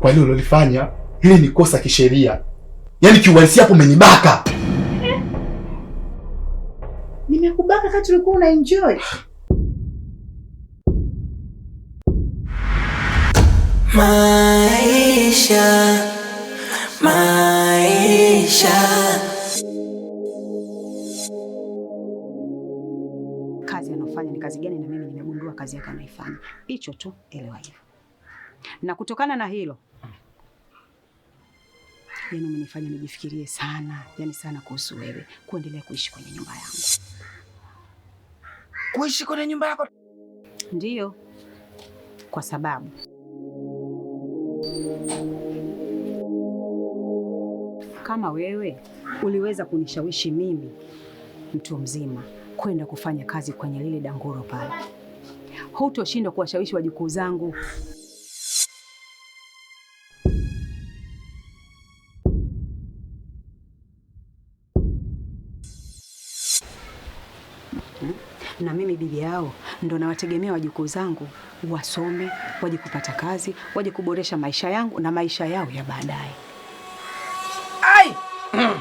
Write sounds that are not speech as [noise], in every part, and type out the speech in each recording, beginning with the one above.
Kwa hiyo ulilofanya hili ni kosa kisheria, yaani kiuhalisia hapo umenibaka. Nimekubaka kati ulikuwa una enjoy maisha, maisha. Kazi anaofanya ni kazi gani? Na mimi nimegundua kazi yake anaifanya, hicho tu, elewa hivyo. Na kutokana na hilo yani umenifanya nijifikirie sana, yani sana kuhusu wewe kuendelea kuishi kwenye nyumba yangu. Kuishi kwenye nyumba yako? Ndiyo, kwa sababu kama wewe uliweza kunishawishi mimi mtu mzima kwenda kufanya kazi kwenye lile danguro pale, hutoshindwa kuwashawishi wajukuu zangu. bibi yao, ndo nawategemea wajukuu zangu wasome, waje kupata kazi, waje kuboresha maisha yangu na maisha yao ya baadaye. Ai! [clears throat]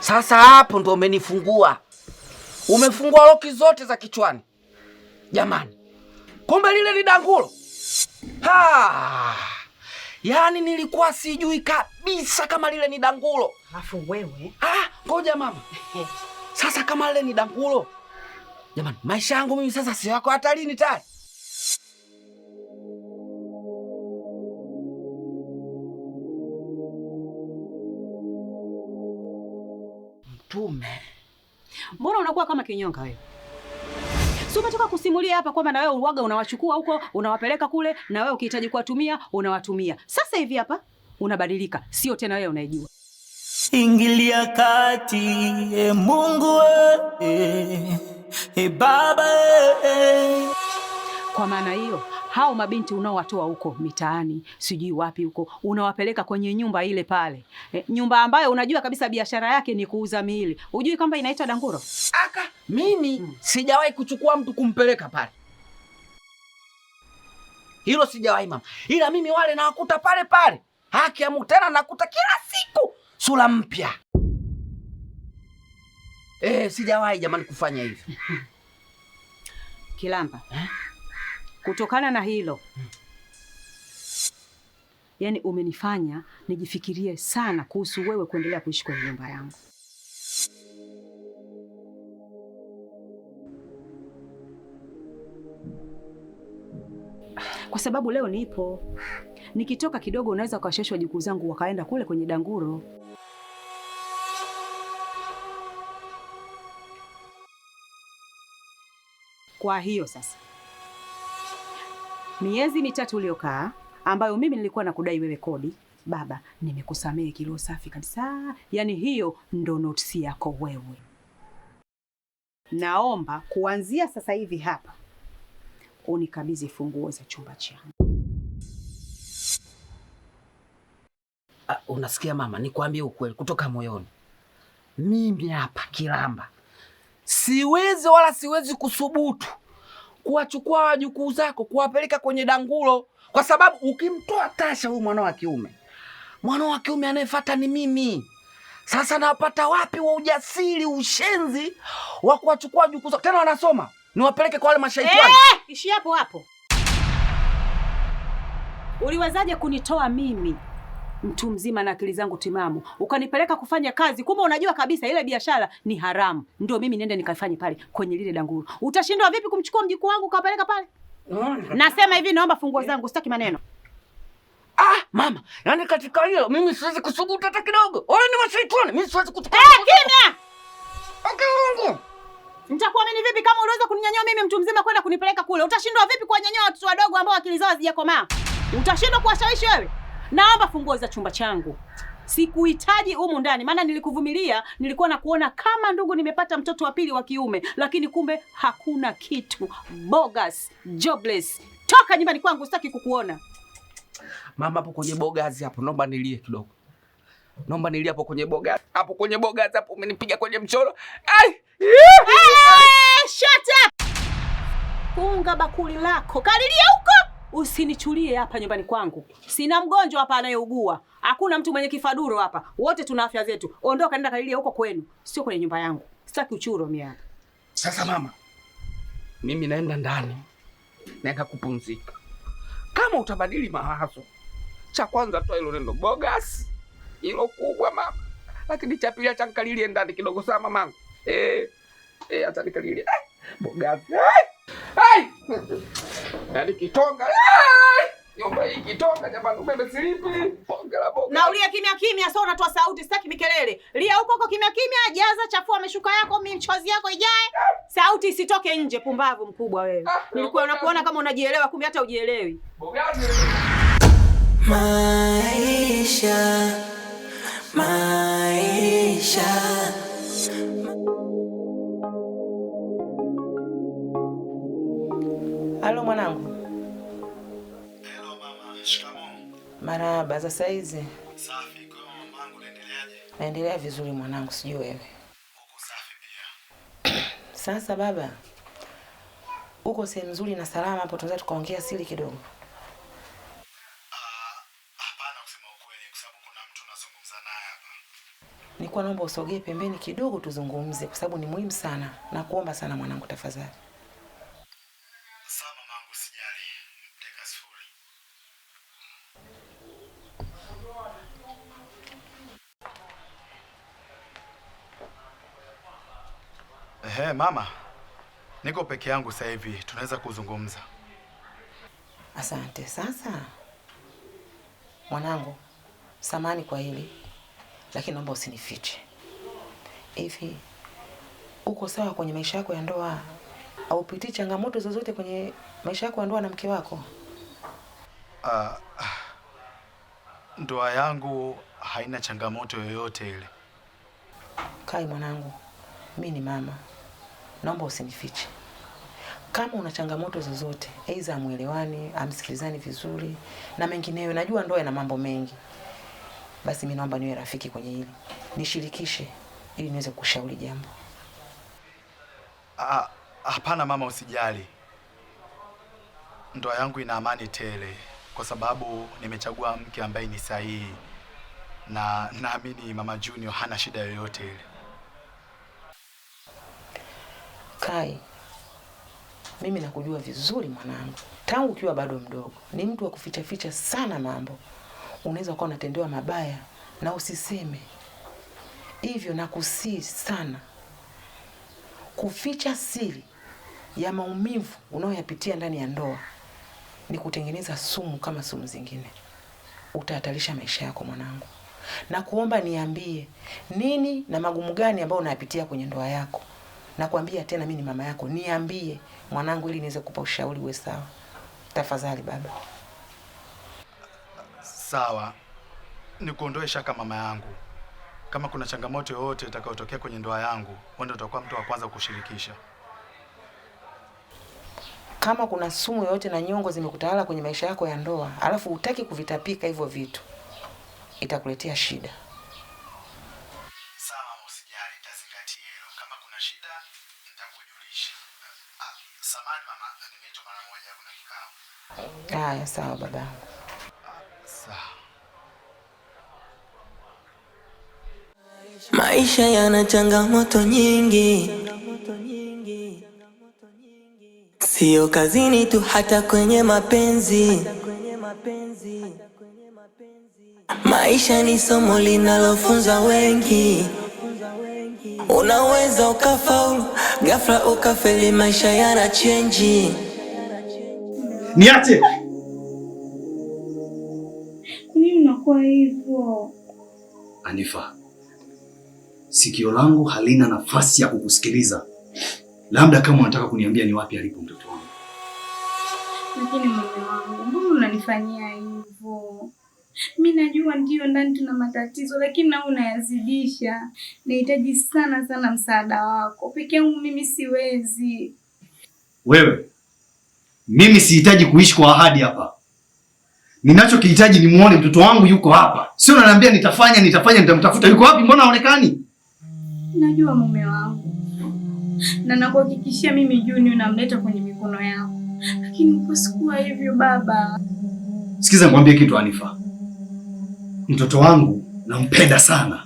Sasa hapo ndo umenifungua, umefungua loki zote za kichwani jamani. Kumbe lile ni dangulo. Ha! Yaani nilikuwa sijui kabisa kama lile ni dangulo. Alafu wewe? Ah, ngoja mama. [laughs] Sasa kama lile ni dangulo Jamani, maisha yangu mimi sasa sio yako hatarini tayari. Mtume, mbona unakuwa kama kinyonga wewe? Si umetoka kusimulia hapa kwamba na wewe uwaga unawachukua huko unawapeleka kule, na wewe ukihitaji kuwatumia unawatumia. Sasa hivi hapa unabadilika, sio tena wewe unaijua. Ingilia kati, e Mungu, wewe. Hey, baba eh. Kwa maana hiyo hao mabinti unaowatoa huko mitaani sijui wapi huko unawapeleka kwenye nyumba ile pale e, nyumba ambayo unajua kabisa biashara yake ni kuuza miili. Hujui kwamba inaitwa danguro? Aka mimi hmm, sijawahi kuchukua mtu kumpeleka pale, hilo sijawahi mama, ila mimi wale nawakuta pale pale, haki ya Mungu, tena nakuta kila siku sura mpya. Eh, sijawahi jamani kufanya hivi. [laughs] Kilamba eh? Kutokana na hilo hmm. Yaani umenifanya nijifikirie sana kuhusu wewe kuendelea kuishi kwenye nyumba yangu. Kwa sababu leo nipo. Nikitoka kidogo unaweza ukawasheshwa jukuu zangu wakaenda kule kwenye danguro. Kwa hiyo sasa miezi mitatu uliyokaa ambayo mimi nilikuwa nakudai wewe kodi, baba, nimekusamehe kilio safi kabisa. Yaani hiyo ndo notisi yako wewe. Naomba kuanzia sasa hivi hapa unikabidhi funguo za chumba changu. Ah, unasikia mama, nikwambie ukweli kutoka moyoni, mimi hapa Kilamba siwezi wala siwezi kusubutu kuwachukua wajukuu zako kuwapeleka kwenye dangulo, kwa sababu ukimtoa Tasha huyu mwanao wa kiume, mwanao wa kiume anayefuata ni mimi. Sasa napata wapi wa ujasiri, ushenzi wa kuwachukua wajukuu zako, tena wanasoma, niwapeleke kwa wale mashaitani? Eh, ishi hapo hapo. Uliwezaje kunitoa mimi mtu mzima na akili zangu timamu, ukanipeleka kufanya kazi, kumbe unajua kabisa ile biashara ni haramu, ndio mimi niende nikafanye pale kwenye lile danguru. Utashindwa vipi kumchukua mjukuu wangu ukapeleka pale? Nasema hivi, naomba funguo zangu, sitaki maneno. Ah, mama, yani katika hiyo mimi siwezi kusubutu hata kidogo. Wewe ni mshaitani, mimi siwezi kutoka. Eh, kimya. Okay, wangu. Nitakuamini vipi kama unaweza kuninyanyua mimi mtu mzima kwenda kunipeleka kule? Utashindwa vipi kuwanyanyua watoto wadogo ambao akili zao hazijakomaa? Utashindwa kuwashawishi wewe? Naomba funguo za chumba changu. Sikuhitaji humu ndani, maana nilikuvumilia. Nilikuwa na kuona kama ndugu, nimepata mtoto wa pili wa kiume, lakini kumbe hakuna kitu. Bogus, jobless, toka nyumbani kwangu, sitaki kukuona. Mama, hapo kwenye bogazi hapo, naomba nilie kidogo, naomba nilie hapo kwenye bogazi hapo, kwenye bogazi hapo, umenipiga kwenye mchoro. Hey, shut up! Funga bakuli lako, kalilia huko. Usinichulie hapa nyumbani kwangu, sina mgonjwa hapa anayeugua, hakuna mtu mwenye kifaduro hapa, wote tuna afya zetu. Ondoka, nenda kalilia huko kwenu, sio kwenye nyumba yangu. Sitaki uchuro mimi. Sasa mama, mimi naenda ndani, naenda kupumzika. Kama utabadili mawazo, cha kwanza toa hilo neno bogus, hilo kubwa mama, lakini cha pili acha nikalilie ndani kidogo, sawa mamangu? Eh, eh, acha nikalilie eh, eh. Yaani kitonga. Nyumba hii kitonga jamani umeme silipi. Na ulia kimya kimya sasa unatoa sauti sitaki mikelele. Lia huko huko kimya kimya jaza chafua meshuka yako michozi yako ijae. Sauti isitoke nje pumbavu mkubwa wewe. Ah, Nilikuwa nakuona kama unajielewa kumbe hata ujielewi. Maisha Maisha Halo mwanangu. Hello mama. Shikamoo. Marahaba. Sasa hizi safi. Kwa mamangu unaendeleaje? Naendelea vizuri mwanangu, sijui wewe. Uko safi pia. [clears throat] Sasa baba, uko sehemu nzuri na salama hapo, tunaweza tukaongea siri kidogo? Ah, hapana, kusema ukweli, kwa sababu kuna mtu nazungumza naye hapa. Nilikuwa naomba usogee pembeni kidogo tuzungumze, kwa sababu ni muhimu sana. Nakuomba sana mwanangu, tafadhali. mama, niko peke yangu sasa hivi, tunaweza kuzungumza. Asante. Sasa mwanangu, samani kwa hili lakini naomba usinifiche. Hivi uko sawa kwenye maisha yako ya ndoa? pitii changamoto zozote kwenye maisha yako ya ndoa na mke wako? Uh, ndoa yangu haina changamoto yoyote ile. Kai mwanangu, mi ni mama naomba usinifiche. Kama una changamoto zozote, aidha amwelewani, amsikilizani vizuri na mengineyo, najua ndoa ina mambo mengi, basi mimi naomba niwe rafiki kwenye hili, nishirikishe ili niweze kushauri jambo. Ah, hapana mama, usijali, ndoa yangu ina amani tele kwa sababu nimechagua mke ambaye ni sahihi, na naamini mama Junior hana shida yoyote ile. Kai, mimi nakujua vizuri mwanangu, tangu ukiwa bado mdogo. Ni mtu wa kuficha ficha sana mambo. Unaweza ukawa unatendewa mabaya na usiseme hivyo, na kusii sana kuficha siri ya maumivu unayoyapitia ndani ya ndoa ni kutengeneza sumu kama sumu zingine. Utahatarisha maisha yako mwanangu, na kuomba niambie nini na magumu gani ambayo unayapitia kwenye ndoa yako. Nakwambia tena mimi ni mama yako, niambie mwanangu, ili niweze kupa ushauri uwe sawa. Tafadhali baba. Sawa, nikuondoe shaka mama yangu, kama kuna changamoto yoyote itakayotokea kwenye ndoa yangu, wewe ndio utakuwa mtu wa kwanza kushirikisha. Kama kuna sumu yoyote na nyongo zimekutawala kwenye maisha yako ya ndoa, alafu hutaki kuvitapika hivyo vitu, itakuletea shida. Haya, sawa baba. Maisha yana changamoto nyingi, sio kazini tu, hata kwenye mapenzi. Maisha ni somo linalofunza wengi, unaweza ukafaulu, ghafla ukafeli. Maisha yana chenji Niache. ate nini unakuwa hivyo? Anifa, sikio langu halina nafasi ya kukusikiliza. Labda kama unataka kuniambia ni wapi alipo mtoto wangu. Lakini mume wangu, mbona unanifanyia hivyo? Mimi najua ndio ndani tuna matatizo, lakini nawe unayazidisha. Nahitaji sana sana msaada wako. Peke yangu mimi siwezi. Wewe mimi sihitaji kuishi kwa ahadi hapa. Ninachokihitaji ni muone mtoto wangu yuko hapa, sio nanaambia nitafanya nitafanya nitamtafuta. Yuko wapi? Mbona haonekani? Najua mume wangu, na nakuhakikishia mimi Juni unamleta kwenye mikono yako, lakini uposikuwa hivyo baba. Sikiza nikwambie kitu Anifa, mtoto wangu nampenda sana,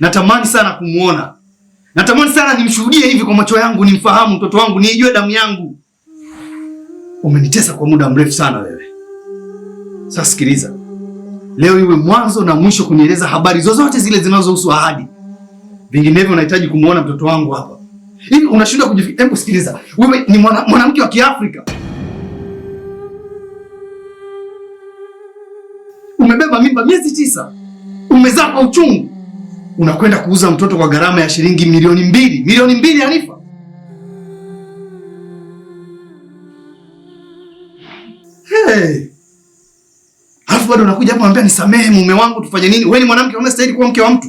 natamani sana kumwona, natamani sana nimshuhudie hivi kwa macho yangu, nimfahamu mtoto wangu, niijue damu yangu umenitesa kwa muda mrefu sana wewe. Sasa sikiliza, leo iwe mwanzo na mwisho kunieleza habari zozote zile zinazohusu ahadi, vinginevyo unahitaji kumwona mtoto wangu hapa. Hivi unashindwa kujifikiria? Hebu sikiliza, wewe ni mwanamke wa Kiafrika, umebeba mimba miezi tisa, umezaa kwa uchungu, unakwenda kuuza mtoto kwa gharama ya shilingi milioni mbili, milioni mbili Hanifa. Hey. Alafu bado unakuja hapo unaniambia nisamehe mume wangu tufanye nini? Wewe ni mwanamke unastahili kuwa mke wa mtu.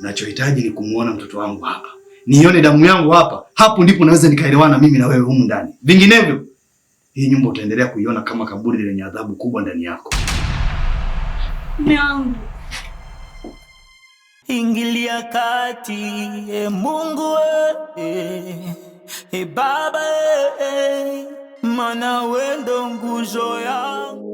Nachohitaji ni kumuona mtoto wangu hapa. Nione damu yangu hapa. Hapo ndipo naweza nikaelewana mimi na wewe humu ndani. Vinginevyo hii nyumba utaendelea kuiona kama kaburi lenye adhabu kubwa ndani yako. Mume wangu. Ingilia kati, e Mungu we. Hey baba hey, eh, hey, mana wendo nguzo yangu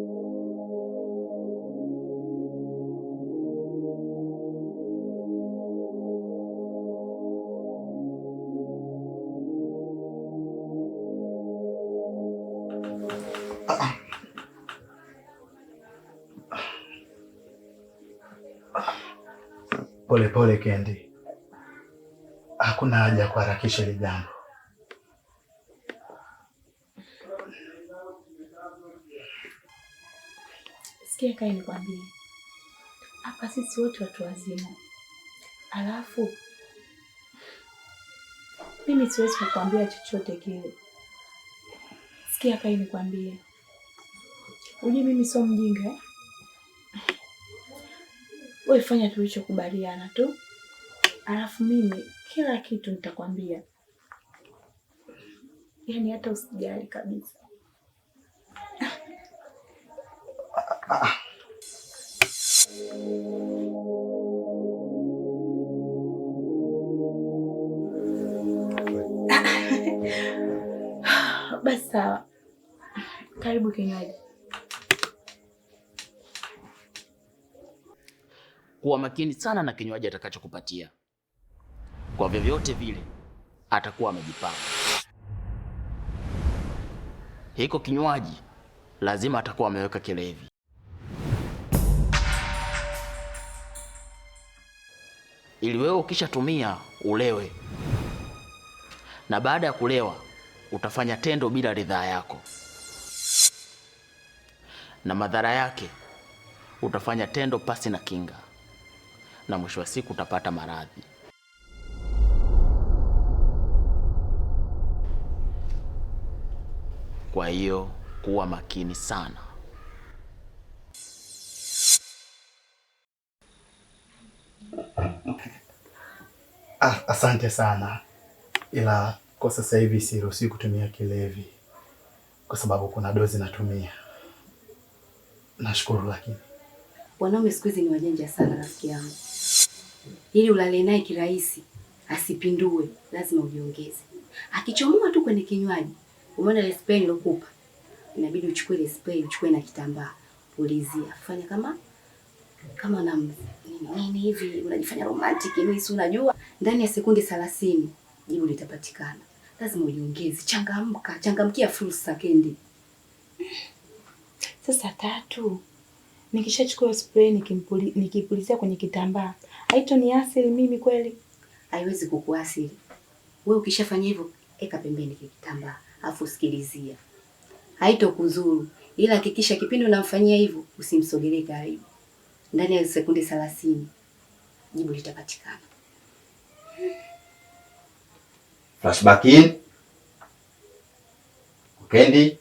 Polepole Kendi, hakuna haja ya kuharakisha hili jambo. Sikia kai nikwambie, hapa sisi wote watu wazima, alafu mimi siwezi kukwambia chochote kile. Sikia kai nikwambie, ujue mimi sio mjinga. Eh? Wewe fanya tulichokubaliana tu, alafu mimi kila kitu nitakwambia, yaani hata usijali kabisa. Ah. Basi sawa, karibu kinywaji. Kuwa makini sana na kinywaji atakachokupatia, kwa vyovyote vile atakuwa amejipanga. Hiko kinywaji lazima atakuwa ameweka kilevi. ili wewe ukishatumia ulewe, na baada ya kulewa utafanya tendo bila ridhaa yako, na madhara yake utafanya tendo pasi na kinga, na mwisho wa siku utapata maradhi. Kwa hiyo kuwa makini sana. Ah, asante sana, ila kwa sasa hivi siruhusi kutumia kilevi kwa sababu kuna dozi natumia. Nashukuru, lakini wanaume siku hizi ni wajanja sana, rafiki yangu. Ili ulale naye kirahisi asipindue, lazima ujiongeze. Akichomoa tu kwenye kinywaji, umeona ile spray nilokupa, inabidi uchukue ile spray, uchukue na kitambaa, pulizia, fanya kama kama na nini hivi unajifanya romantic mimi yaani si unajua, ndani ya sekunde 30 jibu litapatikana. Lazima ujiongeze, changamka, changamkia fursa Kendi. Sasa tatu, nikishachukua spray nikipulizia kwenye kitambaa asili mimi kweli? Haiwezi kukuasili wewe. Ukishafanya hivyo, eka pembeni kitambaa afu sikilizia, kuzuru ila hakikisha kipindi unamfanyia hivyo usimsogelee karibu. Ndani ya sekunde 30 jibu litapatikana. Flashback in kwa Kendi,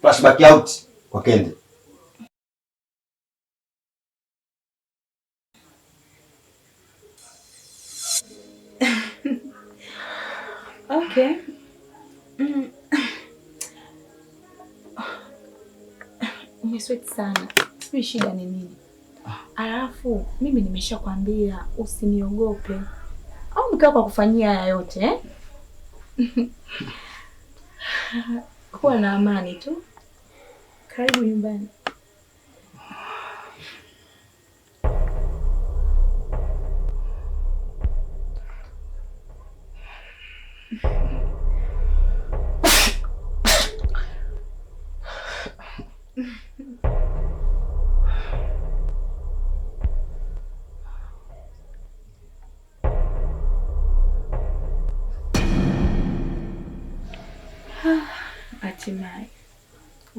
flashback out kwa Kendi. [laughs] Okay. Mm. Umesweti [sighs] sana. Sijui shida ni nini? Mimi nimeshakwambia usiniogope, au mkiwa kwa kufanyia haya yote eh? [laughs] kuwa na amani tu, karibu nyumbani.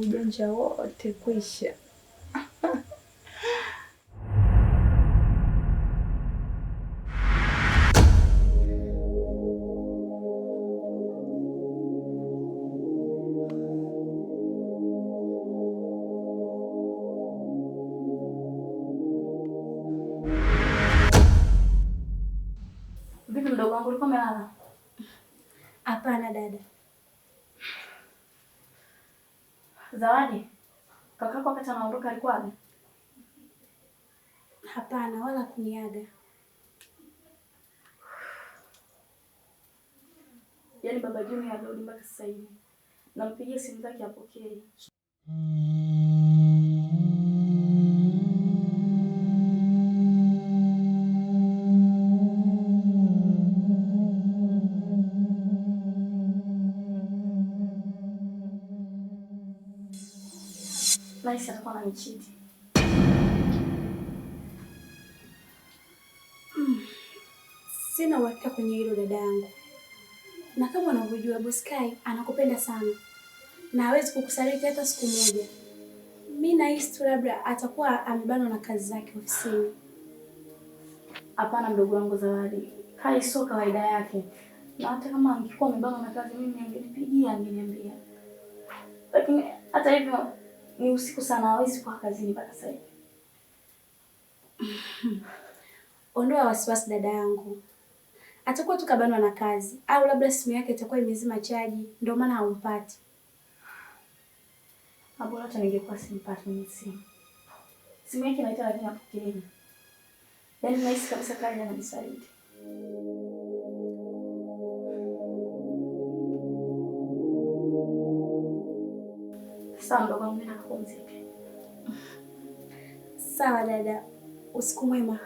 ujanja wote kwisha. Vipi mdogo wangu, ulikuwa umelala? Hapana dada. Zawadi, kakako wakati anaondoka alikuwaga? Hapana, wala kuniaga. Yaani baba Juni hajarudi mpaka sasa hivi, nampigia simu zake apokee. Nice atakuwa na michiti. Sina uhakika kwenye hilo dada yangu, na kama unavyojua boskai anakupenda sana na hawezi kukusaliti hata siku moja. Mi nahisi tu labda atakuwa amebanwa na kazi zake ofisini. Hapana mdogo wangu Zawadi, Kai sio kawaida yake, na hata kama angekuwa amebanwa na kazi, mimi angenipigia, angeniambia, lakini hata hivyo ni usiku sana, hawezi kuwa kazini mpaka sasa hivi. [laughs] Ondoa wasiwasi dada yangu, atakuwa tu kabanwa na kazi, au labda simu yake itakuwa imezima chaji, ndio maana haumpati. Ah, bora hata ningekuwa simpati mimi simu. Simu yake inaita lakini hapokei. Yaani nahisi kabisa kaja na misaliti. Sawa mdogo wangu, nenda Sawa dada, usiku mwema.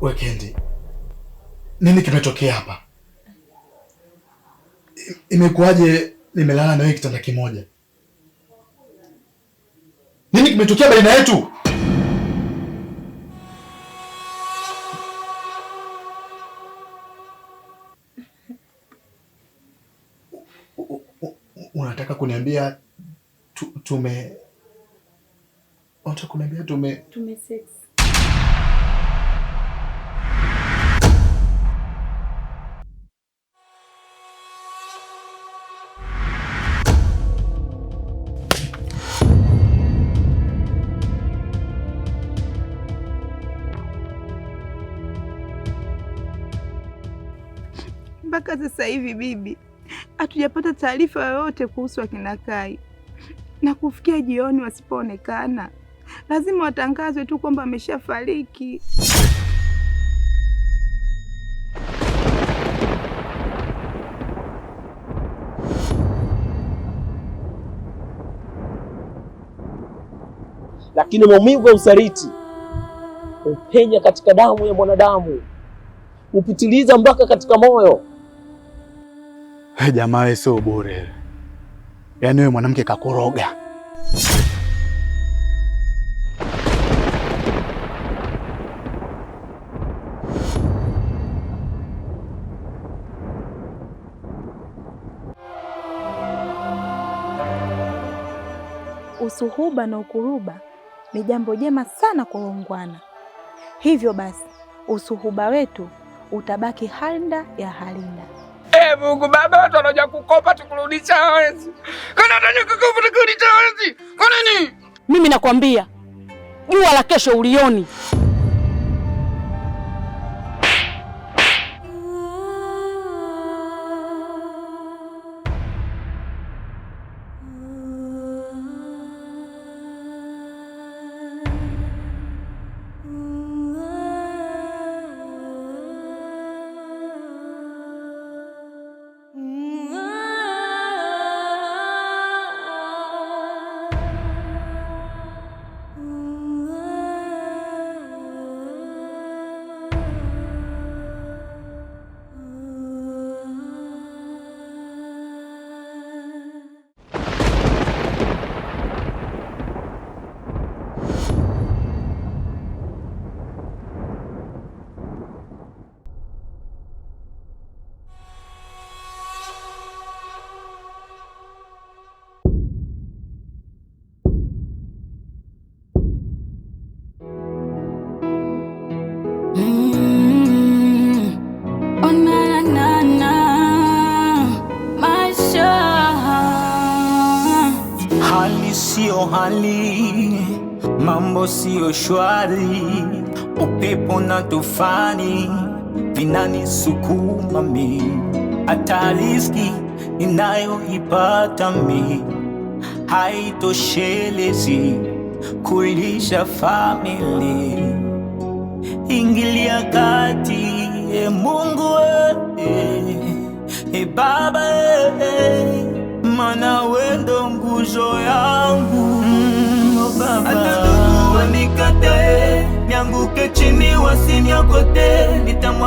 Wekendi, nini kimetokea hapa? Imekuwaje nimelala na wewe kitanda kimoja? Nini kimetokea baina yetu? Unataka kuniambia tume, unataka kuniambia tume tume sex mpaka sasa hivi bibi, hatujapata taarifa yoyote kuhusu akina Kai, na kufikia jioni wasipoonekana, lazima watangazwe tu kwamba ameshafariki. Lakini maumivu ya usaliti hupenya katika damu ya mwanadamu, hupitiliza mpaka katika moyo jamaa wewe sio bure. Yaani wewe mwanamke kakoroga. Usuhuba na ukuruba ni jambo jema sana kwa uungwana. Hivyo basi usuhuba wetu utabaki halinda ya halinda. Ee Mungu Baba, watu wanaja kukopa tukurudisha hawezi. Kana wanaja kukopa tukurudisha hawezi. Kwa nini? Mimi nakwambia jua la kesho ulioni. hali hali, mambo sio shwari, upepo na tufani vinanisukuma mi, hata riziki ninayoipata mi haitoshelezi kulisha famili. Ingilia kati, e Mungu e, e Baba e, e maana wewe ndo nguzo yangu. Mm, oh, Hata ndugu wanikatae, nianguke chini wasiniokote, nitamwambia